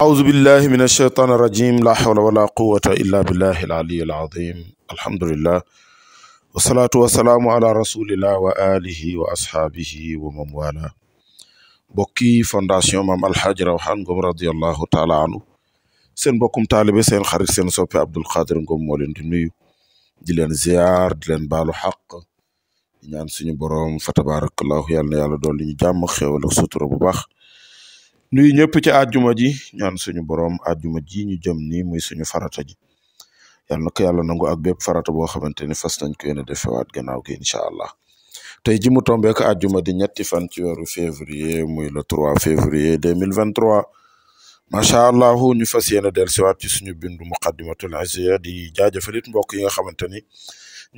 أعوذ بالله من الشيطان الرجيم لا حول ولا قوة إلا بالله العلي العظيم الحمد لله والصلاة والسلام على رسول الله وآله وأصحابه ومن والاه بوكي فونداسيون مام الحاج روحان غوم رضي الله تعالى عنه سين بوكوم طالب سين خريج سين صوفي عبد القادر غوم مولين دي نيو زيار دي لين حق ñaan suñu boroom fa tabarakallahu yàlla na yàlla dool li ñu jàmm xéewal ak sutura bu baax nuyu ñëpp ci àjjuma ji ñaan suñu boroom àjjuma ji ñu jëm nii muy suñu farata ji yàlla na ko yàlla nangu ak bépp farata boo xamante ni fas nañ ko yéene defewaat gannaaw gi incha allah te ji mu tombeek àjjuma di ñetti fan ci weeru février muy le 3 février 2023 macha allah ñu fas yéene dellusiwaat ci suñu bindu muqaddimatul asiya di jaajëfalit mbokk yi nga xamante ni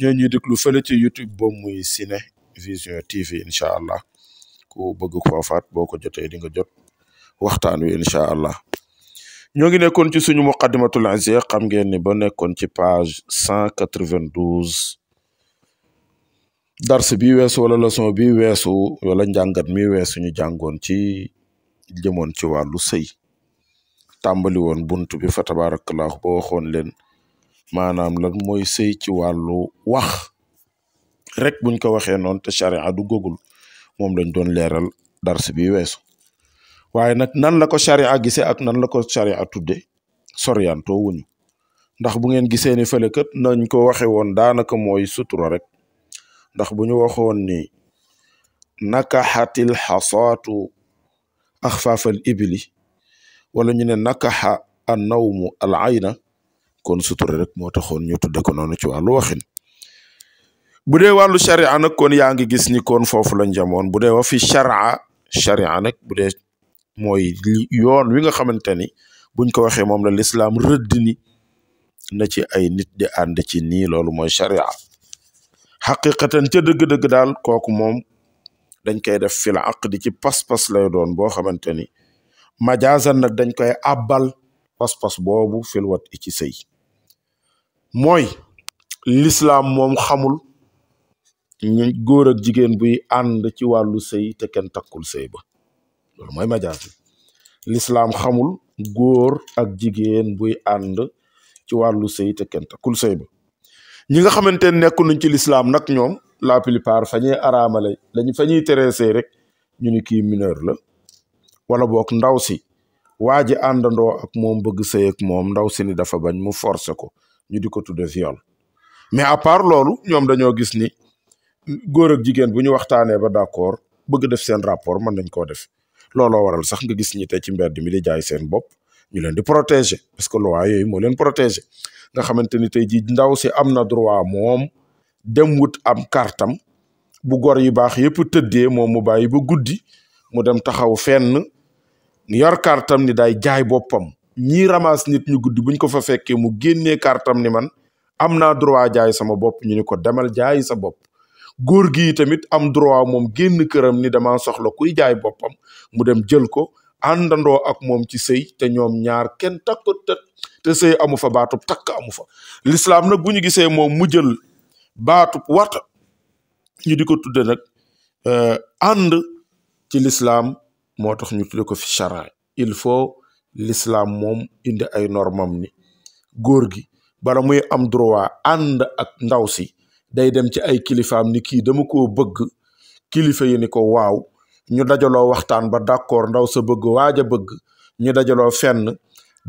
ñoo ñuy déglu fële ci YouTube boobu muy Ciné Vision TV incha allah ku bëgg foofaat boo ko jotee di nga jot waxtaan wi incha allah. ñoo ngi nekkoon ci suñu muqaddimatul aziya xam ngeen ni ba nekkoon ci page cent quatre-vingt-douze dars bi weesu wala leçon bi weesu wala njàngat mi weesu ñu jàngoon ci jëmoon ci wàllu sëy tàmbali woon bunt bi fa tabarakallahu bo waxoon leen maanaam lan mooy sëy ci wàllu wax rek buñ ko waxee noonu te sharia du gogul moom lañ doon leeral dars bi weesu waaye nag nan la ko sharia gisee ak nan la ko sharia tudde soriyantoo wuñu ndax bu ngeen gisee ni fële kat nañ ko waxe woon daanaka mooy sutura rek ndax bu ñu waxoon ni nakaxatil xasaatu axfaafal ibli wala ñu ne nakaxa annawmu al ayna kon sutura rek moo taxoon ñu tudde ko noonu ci wàllu waxin bu dee wàllu sharia nag kon yaa ngi gis ni kon foofu lañ jamoon bu dee wa fi sharia sharia nag bu dee yoon wi nga xamante ni buñ ko waxee moom la lislaam rëdd ni ci ay nit di ànd ci nii loolu mooy sharia xaqiqatan ca dëgg-dëgg daal kooku moom dañ koy def fil aqdi ci pas-pas lay doon boo xamante ni majaazan nag dañ koy abal pas-pas boobu fil wat i ci sëy mooy lislaam moom xamul ñu góor ak jigéen buy ànd ci wàllu sëy te kenn takkul sëy ba loolu mooy lislaam xamul góor ak jigéen buy ànd ci wàllu sëy te kenn takkul sëy ba ñi nga xamante ne nekku nañ ci lislaam nag ñoom la plupart fa ñuy araamale lañu fa ñuy teree sëy rek ñu ni kii mineur la wala boog ndaw si waa ji àndandoo ak moom bëgg sëy ak moom ndaw si ni dafa bañ mu forcé ko ñu di ko tudde viol mais à part loolu ñoom dañoo gis ni góor ak jigéen bu ñu waxtaanee ba d' accord bëgg def seen rapport man nañ koo def looloo waral sax nga gis ñi tey ci mbedd mi di jaay seen bopp ñu leen di protéger parce que loi yooyu moo leen protéger nga xamante ni tey ndaw si am droit moom dem wut am kartam bu gor yu baax yépp tëddee moom mu bàyyi ba guddi mu dem taxaw fenn yor kartam ni day jaay boppam ñii ramasse nit ñu guddi buñ ko fa fekkee mu génnee kartam ni man am naa droit jaay sama bopp ñu ni ko demal jaay sa bopp góor gi tamit am droit moom génn këram ni dama soxla kuy jaay boppam mu dem jël ko àndandoo ak moom ci sëy te ñoom ñaar kenn takku te te sëy amu fa baatu takk amu fa lislaam na bu ñu gisee moom mu jël baatub wata ñu di ko tudde nag euh, ànd ci lislaam moo tax ñu tudde ko fi charaa l'islam mom indi ay normam ni gor gi bala muy am droit and ak ndaw si day dem ci ay kilifaam ni ki dama ko bëgg kilifa yi ni ko waaw ñu dajalo waxtaan ba d'accord ndaw sa bëgg waaja bëgg ñu dajalo fenn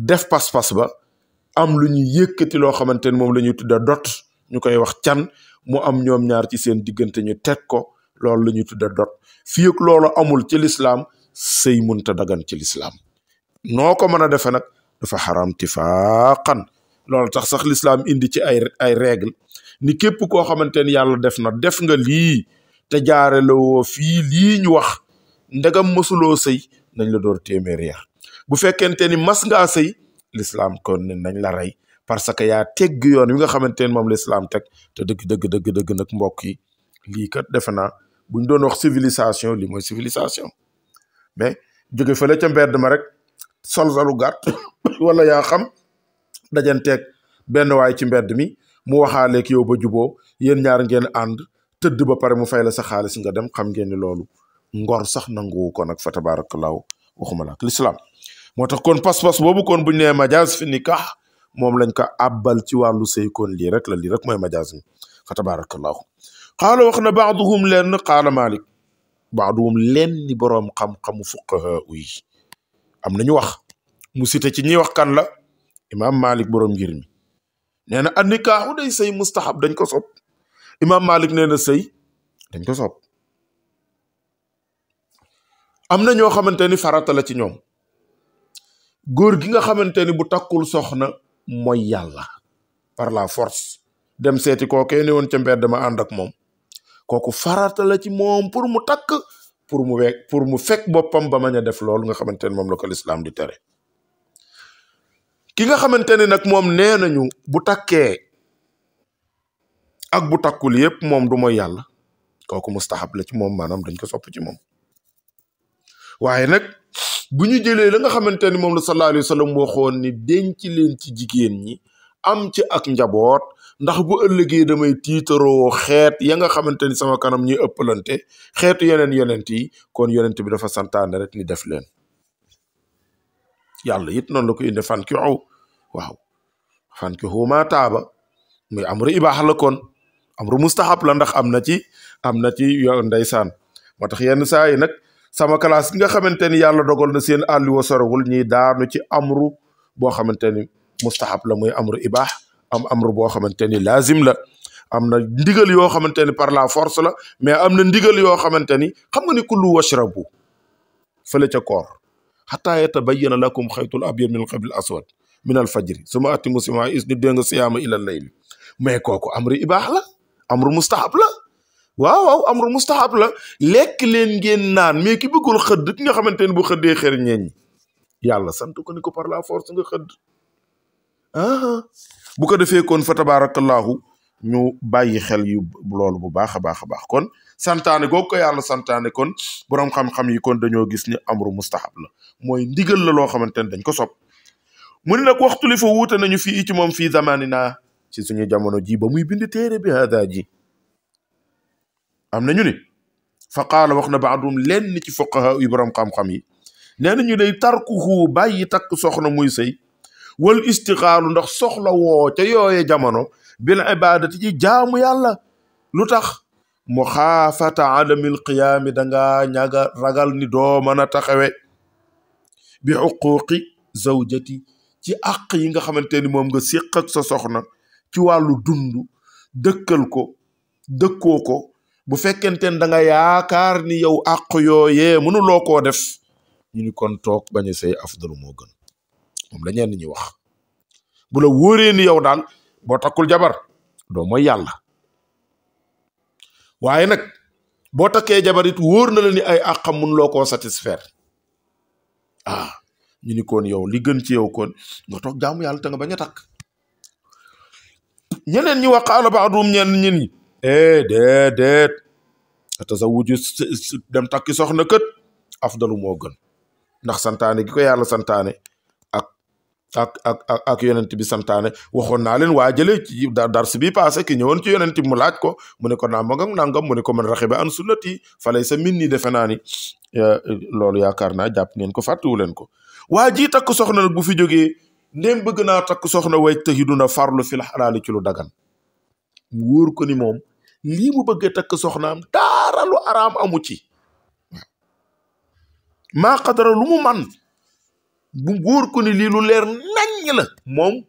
def pas-pas ba am lu ñu yëkkati loo xamante mom moom la ñuy tudda dot ñu koy wax can mu am ñoom ñaar ci seen diggante ñu teg ko loolu la ñuy tudda dot fii ak loolu amul ci Islam, sëy munta dagan ci l'islam noo ko mën a defee nag dafa xaram tifaaqan loolu tax sax lislaam indi ci ay ay règle ni képp koo xamante ni yàlla def na def nga lii te jaare la woo fii lii ñu wax ndegam mësuloo sëy nañ la door téeméeri yar bu fekkente ni mas nga sëy lislaam kon ne nañ la rey parce que yaa tegg yoon wi nga xamante ni moom lislaam teg te dëgg dëgg dëgg dëgg nag mbokk yi lii kat defe naa buñ doon wax civilisation lii mooy civilisation mais jóge fële ca mbedd rek salsalu gàtt wala yaa xam dajanteeg benn waay ci mbedd mi mu waxaaleeg yow ba juboo yéen ñaar ngeen ànd tëdd ba pare mu fay la sa xaalis nga dem xam ngeen ni loolu ngoor sax nanguwu ko nag fa tabaarakallaahu waxuma la ak lislaam moo tax kon pas-pas boobu kon buñ nee majaas fi moom lañ ko abbal ci wàllu sëy kon lii rek la lii rek mooy majaas mi fa tabaarakallaahu qaala wax na baaduhum lenn qaala malik baaduhum lenn boroom xam-xamu fuqahaa yi am nañu wax mu cité ci ñiy wax kan la imaam Malik borom ngir mi nee na an nikaaxu day sëy mustahab dañ ko sopp imaam Malik nee na sëy dañ ko sopp am na ñoo xamante ni farata la ci ñoom góor gi nga xamante ni bu takkul soxna mooy yàlla par la force dem seeti kookee ne woon ca mbedd ma ànd ak moom kooku farata ci moom pour mu takk pour mu wekk pour mu fekk boppam ba mañ a def loolu nga xamante ne moom la ko lislaam di tere ki nga xamante ne nag moom nee nañu bu takkee ak bu takkul yépp moom du ma yàlla kooku mustahab la ci moom maanaam dañ ko sopp ci moom waaye nag bu ñu jëlee la nga xamante ni moom la sallallahu alayhi wa sallam waxoon ni denc leen ci jigéen ñi am ci ak njaboot ndax bu ëllëgee damay tiitaroo xeet ya nga xamante ni sama kanam ñuy ëppalante xeetu yeneen yonent yi kon yonent bi dafa santaane rek ni def leen yàlla it noonu la ko indi fan ki aw waaw fan ki huma taaba muy amru ibaax la kon amru mustahab la ndax am na ci am na ci yo ndeysaan moo tax yenn saa yi nag sama classe nga xamante ni yàlla dogal na seen àlli wa sorowul ñuy daanu ci amru boo xamante ni mustahab la muy amru ibaax am amru boo xamante ni laazim la am na ndigal yoo xamante ni par la force la mais am ndigal yoo xamante xam nga ni kullu washrabu fële ca koor xataa yatabayyana lakum khaytul abyad min qabl aswad min al fajri suma atimu sima is ni dénga siyaama ila layli mais kooku amru ibaax la amru mustahab la waaw waaw amru mustahab la lekk leen ngeen naan mais ki bëggul xëdd ki nga xamante ni bu xëddee xër ñeeñ yàlla sant ko ni ko par la bu ko defee kon fa tabarakallahu ñu bàyyi xel yu loolu bu baax a baax a baax kon santaane googu ko yàlla santaane kon borom xam-xam yi kon dañoo gis ni amru mustahab la mooy ndigal la loo xamante ne dañ ko sopp mu ni nag waxtu li fa wuute nañu fii ci moom fii zamanina ci suñu jamono ji ba muy bind téere bi hada ji am nañu ni fa qaala wax na baadum lenn ci fuqaha yi borom xam-xam yi nee nañu day tarkuhu bàyyi takk soxna muy sëy wal istixaalu ndax soxla woo ca yooye jamono bil ibaadati ci jaamu yàlla lu tax mu xaafata adamil qiyaami dangaa ñaga ragal ni doo mën a taxawe bi xuquqi zawjati ci àq yi nga xamante ni moom nga séq ak sa soxna ci wàllu dund dëkkal ko dëkko ko bu fekkente ne danga nga yaakaar ni yow àq yooyee mënuloo koo def ñu ni kon toog bañ a say afdalu moo gën mom la ñen ñi wax bu la wóoree ni yow daal boo takkul jabar doo mooy yàlla waaye nag boo takkee jabar it wóor na la ni ay àqam mun loo koo satisfaire ah ñu ni koon yow li gën ci yow kon nga toog jaamu yàlla te nga bañ a takk ñeneen ñi wax xaala baadum ñen ñi ni eh sa wuju dem takki soxna kët afdalu moo gën ndax santaane gi ko yàlla ak ak ak ak yonent bi santaane waxoon naa leen dar jële ci dars bi passé ki ñewon ci yonent mu laaj ko mu ne ko nangam ak nangam mu ne ko man rahiba an sunnati falay sa min nii defe ni ya, ngeen ko fatu leen ko waji tak soxna bu fi joge ndem bëgg na tak soxna way tahiduna farlu fil halal ci lu dagan mu ko ni mom li mu bëggee tak soxnaam daara lu amu ci ma qadara lu mu man bu wóor ku ni lii lu leer naññ moom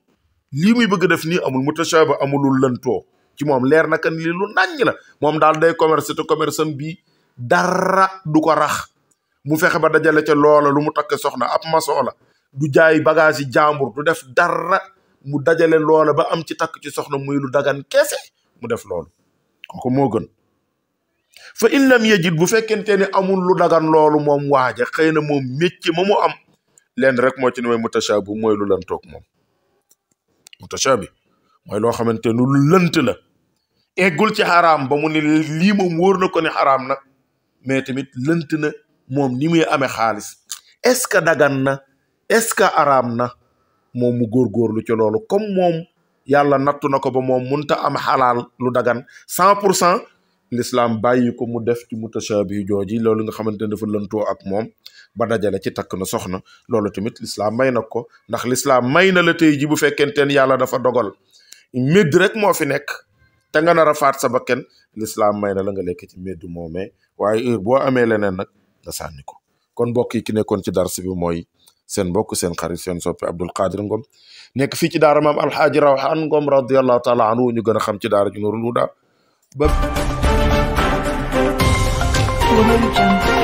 lii muy bëgg def ni amul mutashaaba amulul lëntoo ci moom leer na kan lii lu naññ moom daal day commerce te commerce am bi dara du ko rax mu fexe ba dajale ca loola lu mu takk soxna ab maçon la du jaay bagage yi jàmbur du def dara mu dajale loola ba am ci takk ci soxna muy lu dagan kese mu def lool kooku moo gën fa in lam yajid bu fekkente ne amul lu dagan loolu moom waaja xëy na moom métier ma mu am lenn rek moo ci ne mooy mutashabi mooy lu lëntoog moom mutashabi mooy loo xamante lu lënt la eggul ci xaraam ba mu ni lii moom wóor na ko ne xaraam na mais tamit lënt na moom ni muy amee xaalis est-ce que dagan na est-ce que araam na moom mu góorgóorlu ci loolu comme moom yàlla nattu na ko ba moom munta am xalaal lu dagan cent pour cent l'islam bàyyi ko mu def ci mutashabi jooji loolu nga xamante ne dafa lëntoo ak moom ba dajale ci takk na soxna loolu tamit lislaam may na ko ndax lislaam may na la te ji bu fekkenteen yàlla dafa dogal médd rek moo fi nekk te nga nar a faat sa bakken lislaam may na la nga lekk ci médd moomee waaye heure boo amee leneen nag nga sànni ko kon mbokk yi ki nekkoon ci dars bi mooy seen mbokk seen xarit seen soppi Abdul Qadir Ngom nekk fii ci daara maam alxaaji Rawaan Ngom radiallahu taala anhu ñu gën a xam ci daara ju Nuurul Huda ba